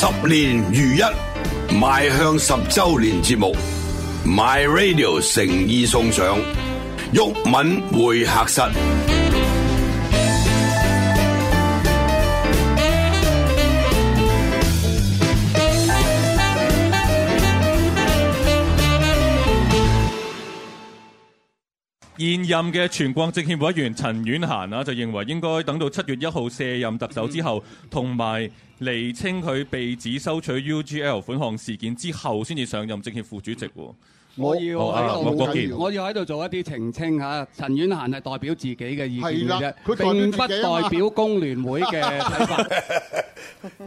十年如一，邁向十周年節目，My Radio 誠意送上，毓民會客室。現任嘅全國政協委員陳婉嫻啊，就認為應該等到七月一號卸任特首之後，同埋釐清佢被指收取 UGL 款項事件之後，先至上任政協副主席。我要，喺度、啊、要我要喺度做一啲澄清嚇。陳婉嫻係代表自己嘅意見啫，佢並不代表工聯會嘅睇法。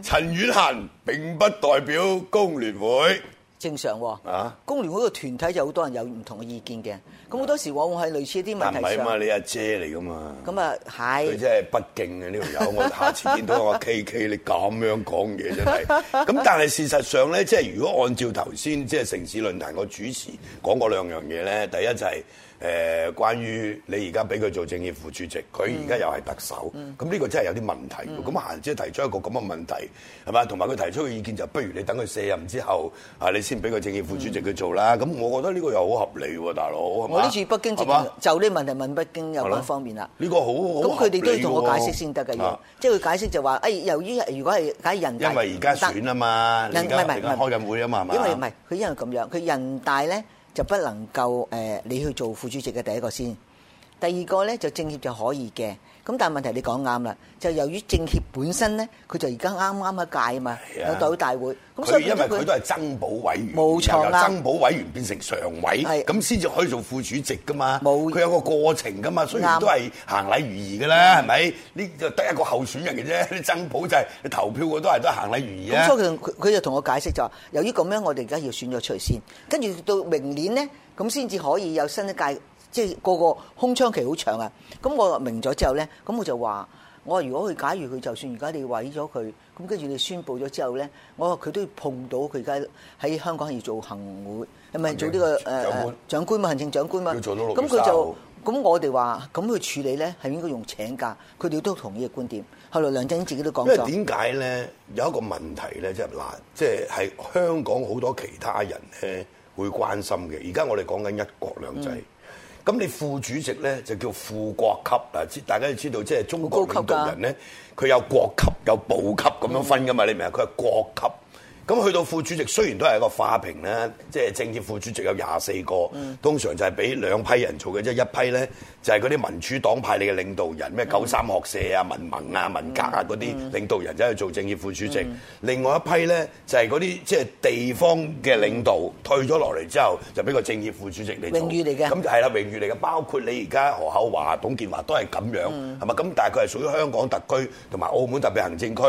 陳婉嫻並不代表工聯會。正常喎、啊，啊、工聯會個團體就好多人有唔同嘅意見嘅，咁好多時往往係類似一啲問題上。唔係啊嘛，你阿姐嚟噶嘛。咁啊，係是。佢真係不敬啊！呢條友，我下次見到我 KK，你咁樣講嘢真係。咁但係事實上咧，即係如果按照頭先即係城市論壇個主持講過兩樣嘢咧，第一就係、是。誒，關於你而家俾佢做政協副主席，佢而家又係特首，咁呢個真係有啲問題。咁嫻姐即係提出一個咁嘅問題係嘛？同埋佢提出嘅意見就係不如你等佢卸任之後，啊，你先俾佢政協副主席佢做啦。咁我覺得呢個又好合理喎，大佬。我呢次北京就就呢問題問北京有嗰方面啦。呢個好好咁，佢哋都要同我解釋先得㗎。要即係佢解釋就話誒，由於如果係假人大因為而家選啊嘛，而家而家開緊會啊嘛，係嘛？因為唔係佢因為咁樣，佢人大咧。就不能夠誒，你去做副主席嘅第一個先，第二個呢就政協就可以嘅。咁但係問題你講啱啦，就由於政協本身咧，佢就而家啱啱一屆嘛，有代表大會，咁所以因為佢都係增補委員，冇錯，由增補委員變成常委，咁先至可以做副主席噶嘛。佢有個過程噶嘛，所以都係行禮如儀噶啦，係咪？呢就得一個候選人嘅啫，增補就係，你投票嘅都係都係行禮如儀啊。咁所以佢佢就同我解釋就話，由於咁樣，我哋而家要選咗出嚟先，跟住到明年咧，咁先至可以有新一屆。即係個個空窗期好長啊！咁我明咗之後咧，咁我就話：我話如果佢假如佢就算而家你毀咗佢，咁跟住你宣佈咗之後咧，我話佢都碰到佢而家喺香港要做行會，係咪政做呢、呢個誒政、呃、長官嘛，行政長官嘛。咁佢就咁我哋話：咁去處理咧係應該用請假，佢哋都同意嘅觀點。後來梁振英自己都講咗。因為點解咧有一個問題咧，即係難，即係係香港好多其他人咧會關心嘅。而家我哋講緊一國兩制。嗯咁你副主席呢就叫副國級啊，大家都知道，即係中國領導人呢，佢有國級，有部級，咁樣分的嘛、嗯、你明白嗎？佢係國級咁去到副主席雖然都係一個花瓶咧，即係政協副主席有廿四個，通常就係俾兩批人做嘅，即係一批咧就係嗰啲民主黨派嚟嘅領導人，咩、嗯、九三學社啊、民盟啊、民革啊啲、嗯、領導人走去做政協副主席；嗯、另外一批咧就係嗰啲即係地方嘅領導退咗落嚟之後就俾個政協副主席嚟，榮譽嚟嘅，咁就係啦，榮譽嚟嘅，包括你而家何厚華董建華都係咁樣，係嘛、嗯，咁但係佢係屬於香港特區同埋澳門特別行政區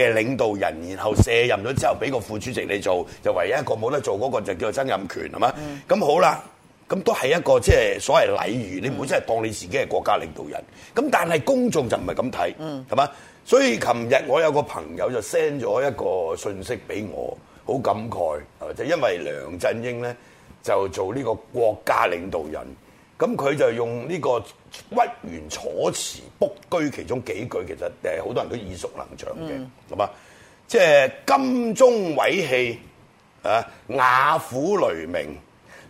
嘅領導人，然後卸任咗之後俾、嗯嗯副主席你做就唯一一個冇得做嗰個就叫曾蔭權係嘛，咁、嗯、好啦，咁都係一個即係、就是、所謂禮遇，你唔好真係當你自己係國家領導人，咁、嗯、但係公眾就唔係咁睇，係嘛，所以琴日我有個朋友就 send 咗一個信息俾我，好感慨，就是、因為梁振英咧就做呢個國家領導人，咁佢就用呢個屈原楚辭卜居其中幾句，其實誒好多人都耳熟能詳嘅，係嘛、嗯。即係金鐘毀棄，啊！瓦釜雷鳴，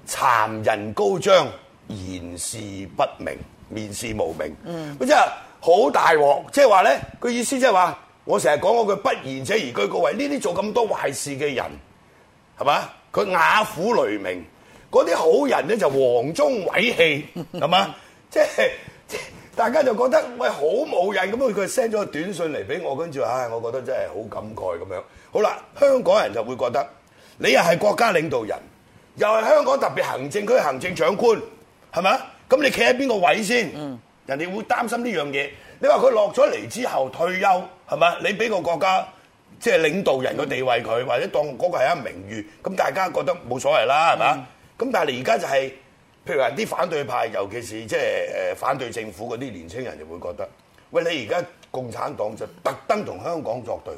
讒人高張，言事不明，面事無名。嗯，咁即係好大鑊。即係話咧，佢意思即係話，我成日講嗰句不賢者而居高位。呢啲做咁多壞事嘅人，係嘛？佢瓦釜雷鳴，嗰啲好人咧就黃鐘毀棄，係嘛？ 即係。大家就覺得，喂，好冇癮咁，佢 send 咗個短信嚟俾我，跟住唉，我覺得真係好感慨咁樣。好啦，香港人就會覺得你又係國家領導人，又係香港特別行政區行政長官，係咪？咁你企喺邊個位先？嗯、人哋會擔心呢樣嘢。你話佢落咗嚟之後退休，係咪？你俾個國家即係、就是、領導人嘅地位佢，嗯、或者當嗰個係一名譽，咁大家覺得冇所謂啦，係咪？咁但係你而家就係、是。譬如話啲反對派，尤其是即係誒反對政府嗰啲年青人，就會覺得：喂，你而家共產黨就特登同香港作對，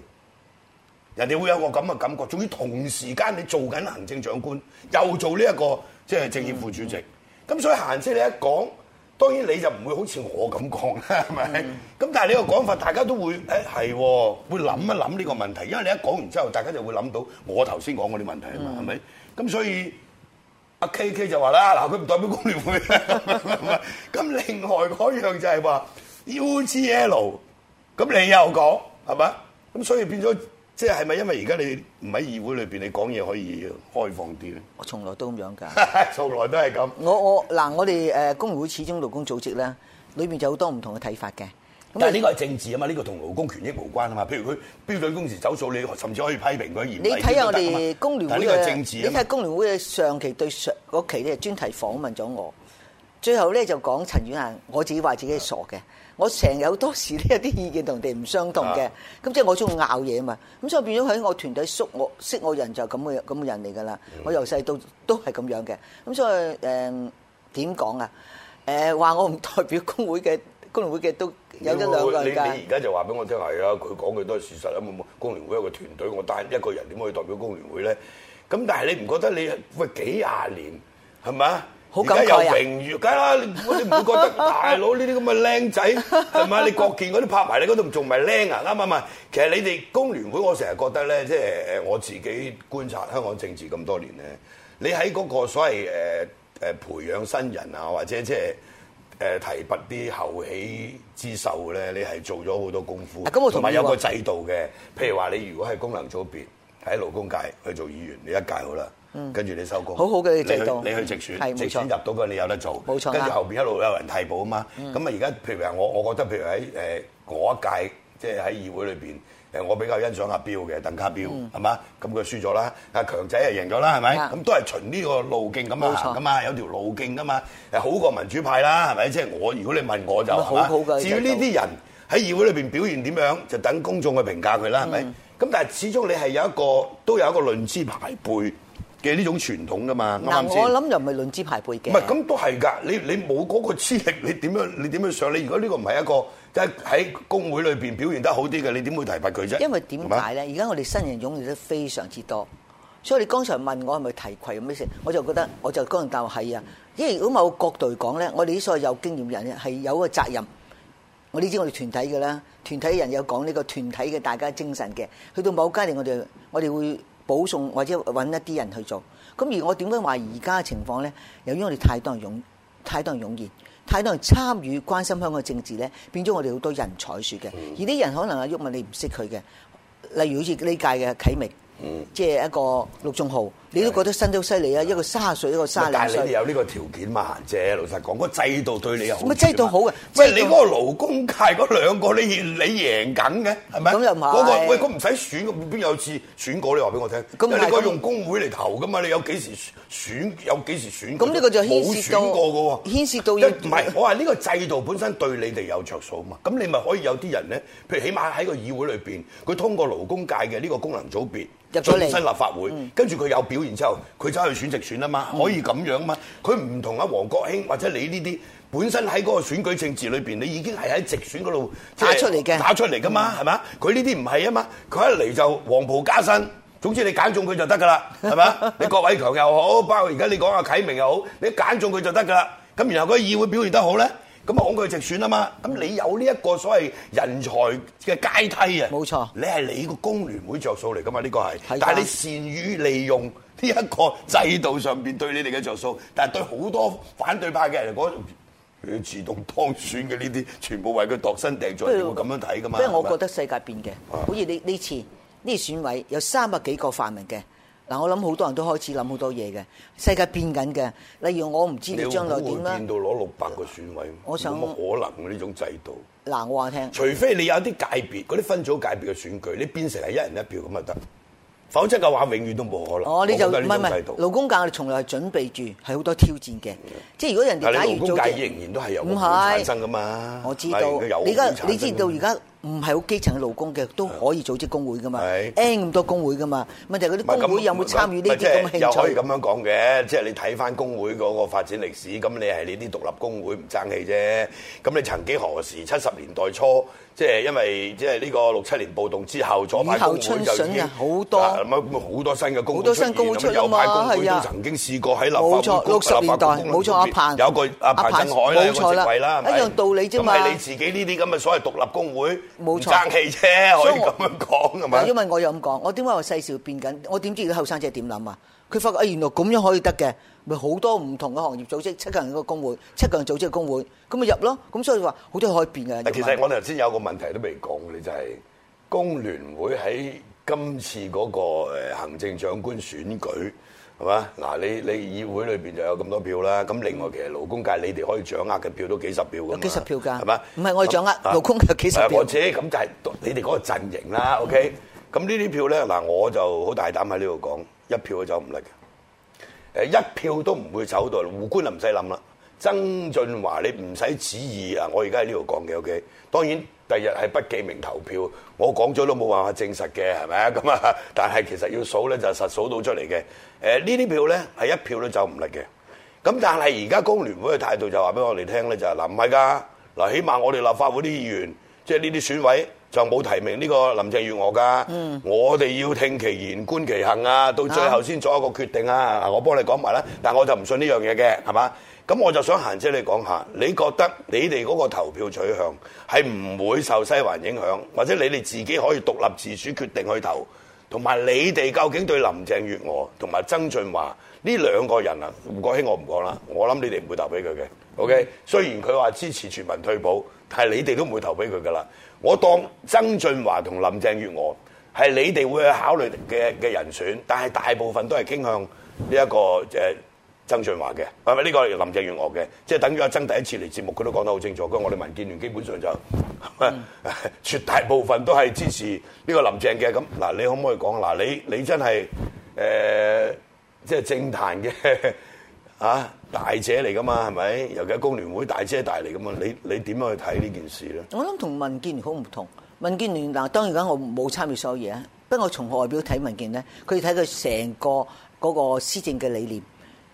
人哋會有個咁嘅感覺。仲要同時間你做緊行政長官，又做呢一個即係政協副主席，咁、嗯、所以閒時你一講，當然你就唔會好似我咁講啦，係咪？咁、嗯、但係你個講法，大家都會誒係、哎，會諗一諗呢個問題，因為你一講完之後，大家就會諗到我頭先講嗰啲問題啊嘛，係咪？咁、嗯、所以。阿 K K 就話啦，嗱佢唔代表工聯會，咁 另外嗰樣就係話 U G L，咁你又講係咪？咁所以變咗，即係係咪因為而家你唔喺議會裏邊，你講嘢可以開放啲咧？ 我從來都咁樣噶，從來都係咁。我我嗱，我哋誒工聯會始終勞工組織呢，裏邊就好多唔同嘅睇法嘅。但係呢個係政治啊嘛，呢個同勞工權益無關啊嘛。譬如佢標準工時走數，你甚至可以批評佢。你睇下我哋工聯會嘅，呢個係政治，你睇下工聯會嘅上期對上嗰期呢，專題訪問咗我，最後咧就講陳婉嫻，我自己話自己係傻嘅。是的 我成日好多時呢有啲意見同人哋唔相同嘅，咁是的 即係我中意拗嘢啊嘛。咁所以變咗喺我團隊縮我識我的人就咁嘅咁嘅人嚟㗎啦。我由細到都係咁樣嘅。咁所以誒點講啊？誒、呃、話、呃、我唔代表工會嘅。工聯會嘅都有一兩樣，你而家就話俾我聽係啊，佢講嘅都係事實啊。冇冇，工聯會有個團隊，我單一個人點可以代表工聯會咧？咁但係你唔覺得你喂幾廿年係咪？而家感有榮譽，梗啦人，你唔會， 會覺得 大佬呢啲咁嘅靚仔係咪？你郭建嗰啲拍埋你嗰度，仲咪靚啊？啱唔啱？其實你哋工聯會，我成日覺得咧，即係我自己觀察香港政治咁多年咧，你喺嗰個所謂誒誒培養新人啊，或者即係。誒提拔啲後起之秀咧，你係做咗好多功夫，啊、我同埋有個制度嘅。譬如話你如果係功能組別喺勞工界去做議員，你一屆好啦，跟住、嗯、你收工。好好嘅制度你，你去直選，直選入到嗰、嗰個，你有得做。冇錯，跟住後邊一路有人替補啊嘛。咁啊、嗯，而家譬如話我，我覺得譬如喺嗰、呃、一屆。即係喺議會裏邊，我比較欣賞阿彪嘅，鄧家彪，係嘛、嗯？咁佢輸咗啦，阿強仔又贏咗啦，係咪？咁是的 都係循呢個路徑咁樣噶嘛，沒錯 有條路徑噶嘛，係好過民主派啦，係咪？即係我如果你問我就，好，嗯、至於呢啲人喺議會裏邊表現點樣，就等公眾去評價佢啦，係咪？咁、嗯、但係始終你係有一個，都有一個論資排輩。嘅呢種傳統噶嘛，啱唔啱先？我諗又唔係論資排輩嘅。唔係咁都係㗎，你你冇嗰個資歷，你點樣你點樣上？你如果呢個唔係一個，就係喺工會裏邊表現得好啲嘅，你點會提拔佢啫？因為點解咧？而家我哋新人湧入得非常之多，所以你剛才問我係咪提攜咁嘅事，我就覺得我就個人答話係啊。因為如果某個角度嚟講咧，我哋啲所謂有經驗人係有個責任，我哋知我哋團體嘅啦，團體人有講呢個團體嘅大家精神嘅，去到某階段我哋我哋會。保送或者揾一啲人去做，咁而我點解話而家嘅情況咧？由於我哋太多人湧，太多人湧現，太多人參與關心香港嘅政治咧，變咗我哋好多人才選嘅，而啲人可能阿鬱問你唔識佢嘅，例如好似呢屆嘅啟明，即係一個陸頌雄。你都覺得升得好犀利啊！一個卅歲，一個卅零歲。但你哋有呢個條件嘛？即係老實講，個制度對你又制度好嘅。喂，你嗰個勞工界嗰兩個，你你贏緊嘅，係咪？咁又唔係？嗰個喂，佢唔使選，邊有次選過？你話俾我聽，因為你個用工會嚟投嘅嘛，你有幾時選？有幾時選？咁呢個就牽涉到。冇選過喎，牽涉到。唔係，我話呢個制度本身對你哋有著數嘛？咁你咪可以有啲人咧，譬如起碼喺個議會裏面，佢通過勞工界嘅呢個功能組別入咗新立法會，跟住佢有表。然之後，佢走去選直選啊嘛，可以咁樣啊嘛？佢唔、嗯、同阿黃國興或者你呢啲本身喺嗰個選舉政治裏邊，你已經係喺直選嗰度打出嚟嘅，打出嚟噶嘛，係、嗯、嘛？佢呢啲唔係啊嘛，佢一嚟就黃袍加薪，總之你揀中佢就得噶啦，係嘛？ 你郭偉強又好，包括而家你講阿啟明又好，你揀中佢就得噶啦。咁然後嗰個議會表現得好咧，咁啊講佢直選啊嘛。咁你有呢一個所謂人才嘅階梯啊，冇沒錯，你係你個工聯會着數嚟噶嘛？呢、這個係，是的 但係你善於利用。呢一個制度上邊對你哋嘅着數，但係對好多反對派嘅人嚟講，佢自動當選嘅呢啲，全部為佢度身訂做，你會咁樣睇噶嘛？即係我覺得世界變嘅，好似你呢次呢選委有三百幾個泛民嘅，嗱，我諗好多人都開始諗好多嘢嘅，世界變緊嘅。例如我唔知你將來點樣，變到攞六百個選委，我想，冇乜可能嘅呢種制度。嗱，我話聽，除非你有啲界別，嗰啲分組界別嘅選舉，你變成係一人一票咁就得。否則嘅話，永遠都冇可能。哦，你就唔係唔係，勞工界我哋從來是準備住係好多挑戰嘅，的即係如果人哋假如做，仍然都係有唔係產生的嘛？我知道，你而家你知道而家。唔係好基層嘅勞工嘅都可以組織工會噶嘛？N 咁多工會噶嘛？問題係嗰啲工會有冇參與呢啲咁嘅興趣？又可以咁樣講嘅，即係你睇翻工會嗰個發展歷史，咁你係你啲獨立工會唔爭氣啫。咁你曾幾何時七十年代初，即係因為即係呢個六七年暴動之後，左派工會就雨後春筍啊，好多新嘅工會出現咁啊！係啊，好多新工會出啊嘛，左派工會都曾經試過喺立法會，六七個工會。冇錯，六十年代冇錯，阿彭，有個阿彭海咧個職位啦，一樣道理啫嘛。咁係你自己呢啲咁嘅所謂獨立工會。.冇錯，爭氣啫可以咁樣講係嘛？因為我又咁講，我點解我細時變緊？我點知而家後生仔點諗啊？佢發覺啊，原來咁樣可以得嘅，咪好多唔同嘅行業組織七個人個工會，七個人組織個工會，咁咪入咯。咁所以話好多可以變嘅。但係其實我哋頭先有個問題都未講嘅，就係工聯會喺今次嗰個誒行政長官選舉。係嘛？嗱，你你議會裏面就有咁多票啦。咁另外，其實勞工界你哋可以掌握嘅票都幾十票㗎。有幾十票㗎？係嘛吧？唔係我掌握，那勞工有幾十票。或者咁就係你哋嗰個陣營啦。OK，咁、嗯、呢啲票咧，嗱，我就好大膽喺呢度講，一票都走唔甩嘅。誒，一票都唔會走到。胡官就唔使諗啦。曾俊華，你唔使旨意啊！我而家喺呢度講嘅 OK，當然。第日係不記名投票，我講咗都冇辦法證實嘅，係咪啊？咁啊，但係其實要數咧就實數到出嚟嘅。誒、呃、呢啲票咧係一票都走唔嚟嘅。咁但係而家工聯會嘅態度就話俾我哋聽咧就係嗱唔係㗎嗱，起碼我哋立法會啲議員即係呢啲選委就冇提名呢個林鄭月娥㗎。嗯、我哋要聽其言觀其行啊，到最後先作一個決定啊！嗯、我幫你講埋啦，但我就唔信呢樣嘢嘅，係嘛？咁我就想嫻姐你講下，你覺得你哋嗰個投票取向係唔會受西環影響，或者你哋自己可以獨立自主決定去投，同埋你哋究竟對林鄭月娥同埋曾俊華呢兩個人啊？胡國興我唔講啦，我諗你哋唔會投俾佢嘅。OK，雖然佢話支持全民退保，但係你哋都唔會投俾佢噶啦。我當曾俊華同林鄭月娥係你哋會去考慮嘅嘅人選，但係大部分都係傾向呢一個誒曾俊華嘅，係咪呢個林鄭月娥嘅？即係等於阿曾第一次嚟節目，佢都講得好清楚。咁我哋民建聯基本上就、嗯、絕大部分都係支持呢個林鄭嘅。咁嗱，你可唔可以講嗱？你你真係誒，即、呃、係、就係、政壇嘅啊大姐嚟㗎嘛？係咪？尤其係工聯會大姐大嚟㗎嘛？你你點樣去睇呢件事咧？我諗同民建聯好唔同。民建聯嗱，當然講我冇參與所有嘢，不過從外表睇民建咧，佢睇佢成個嗰個施政嘅理念。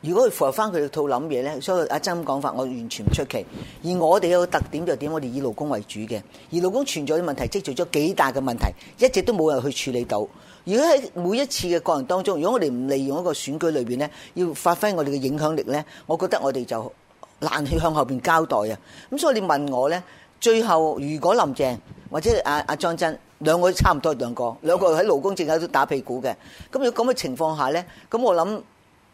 如果佢符合翻佢哋套諗嘢咧，所以阿曾講法，我完全唔出奇。而我哋有個特點就點？我哋以勞工為主嘅，而勞工存在嘅問題積聚咗幾大嘅問題，一直都冇人去處理到。如果喺每一次嘅過程當中，如果我哋唔利用一個選舉裏面咧，要發揮我哋嘅影響力咧，我覺得我哋就難去向後面交代啊。咁所以你問我咧，最後如果林鄭或者阿阿張真兩個差唔多兩個兩個喺勞工正喺度打屁股嘅，咁如果咁嘅情況下咧，咁我諗。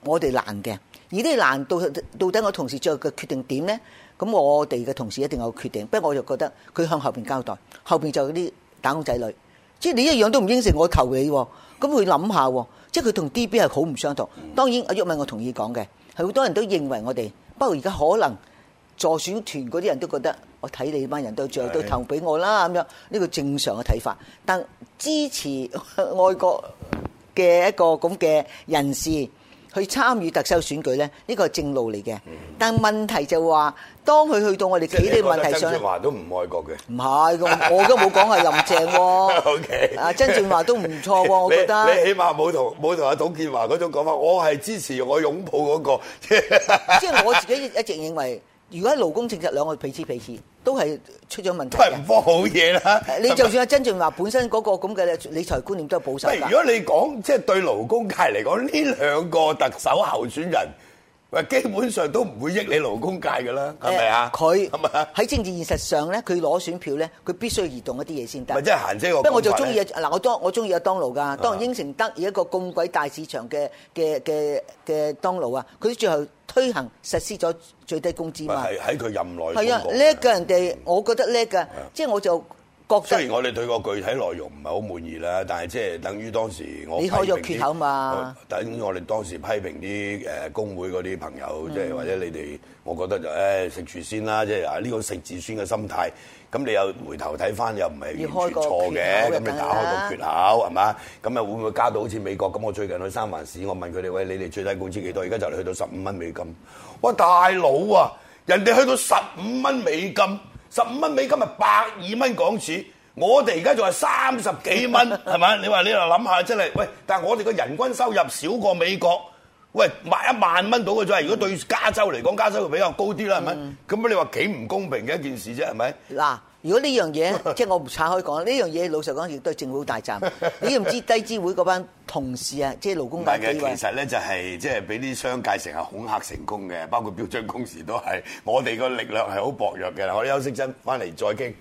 我哋難嘅，而啲難到到底我同事最後嘅決定點咧？咁我哋嘅同事一定有決定，不過我就覺得佢向後邊交代，後邊就嗰啲打工仔女，即係你一樣都唔應承我求你，咁佢諗下，即係佢同 D B 係好唔相同。當然阿毓民我同意講嘅，好多人都認為我哋，不過而家可能助選團嗰啲人都覺得，我睇你班人都最後都投俾我啦咁樣，呢個正常嘅睇法。但支持外國嘅一個咁嘅人士。去參與特首選舉咧，呢個係正路嚟嘅。但係問題就話，當佢去到我哋幾呢個問題上咧，曾俊華都唔愛國嘅。唔係噉，我都冇講係林鄭。O K，啊，曾俊華都唔錯喎，我覺得。你你起碼冇同冇同阿董建華嗰種講法，我係支持我擁抱嗰個。即係我自己一直認為，如果勞工政策兩個彼此彼此。都係出咗問題，都係唔方好嘢啦。你就算阿曾俊華本身嗰個咁嘅理財觀念都係保守。如果你講即係對勞工界嚟講呢兩個特首候選人。喂，基本上都唔會益你勞工界噶啦，係咪啊？佢係咪啊？喺政治現實上咧，佢攞選票咧，佢必須要移動一啲嘢先得。唔係即係閒啫喎。不過我就中意啊，嗱，我當我中意阿當勞㗎，當然應承得而一個咁鬼大市場嘅嘅嘅嘅當勞啊，佢最後推行實施咗最低工資嘛。係喺佢任內。係啊，叻嘅人哋，我覺得叻㗎，即係我就。雖然我哋對個具體內容唔係好滿意啦，但係即係等於當時我批評啲，你開咗缺口嘛，等於我哋當時批評啲誒工會嗰啲朋友，即係、嗯、或者你哋，我覺得就食住、哎、先啦，即係呢個食自先嘅心態，咁你又回頭睇翻又唔係完全錯嘅，咁你打開個缺口係嘛？咁又的會唔會加到好似美國咁？我最近去三藩市，我問佢哋喂，你哋最低工資幾多？而家就嚟去到十五蚊美金。哇，大佬啊，人哋去到十五蚊美金。十五蚊美金咪百二蚊港紙，我哋而家仲係三十幾蚊，係咪？你話呢又諗下真係，喂！但係我哋嘅人均收入少過美國。喂，賣一萬蚊到嘅啫，如果對加州嚟講，加州會比較高啲啦，係咪？咁、嗯、你話幾唔公平嘅一件事啫，係咪？ 嗱，如果呢樣嘢，即係我唔拆開講。呢樣嘢老實講，亦都係政府大賺。 你知唔知低資會嗰班同事啊，即、就、係、是、勞工界地位。其實咧、就是，就係即係俾啲商界成日恐嚇成功嘅，包括標準工時都係。我哋個力量係好薄弱嘅。我哋休息陣，翻嚟再傾。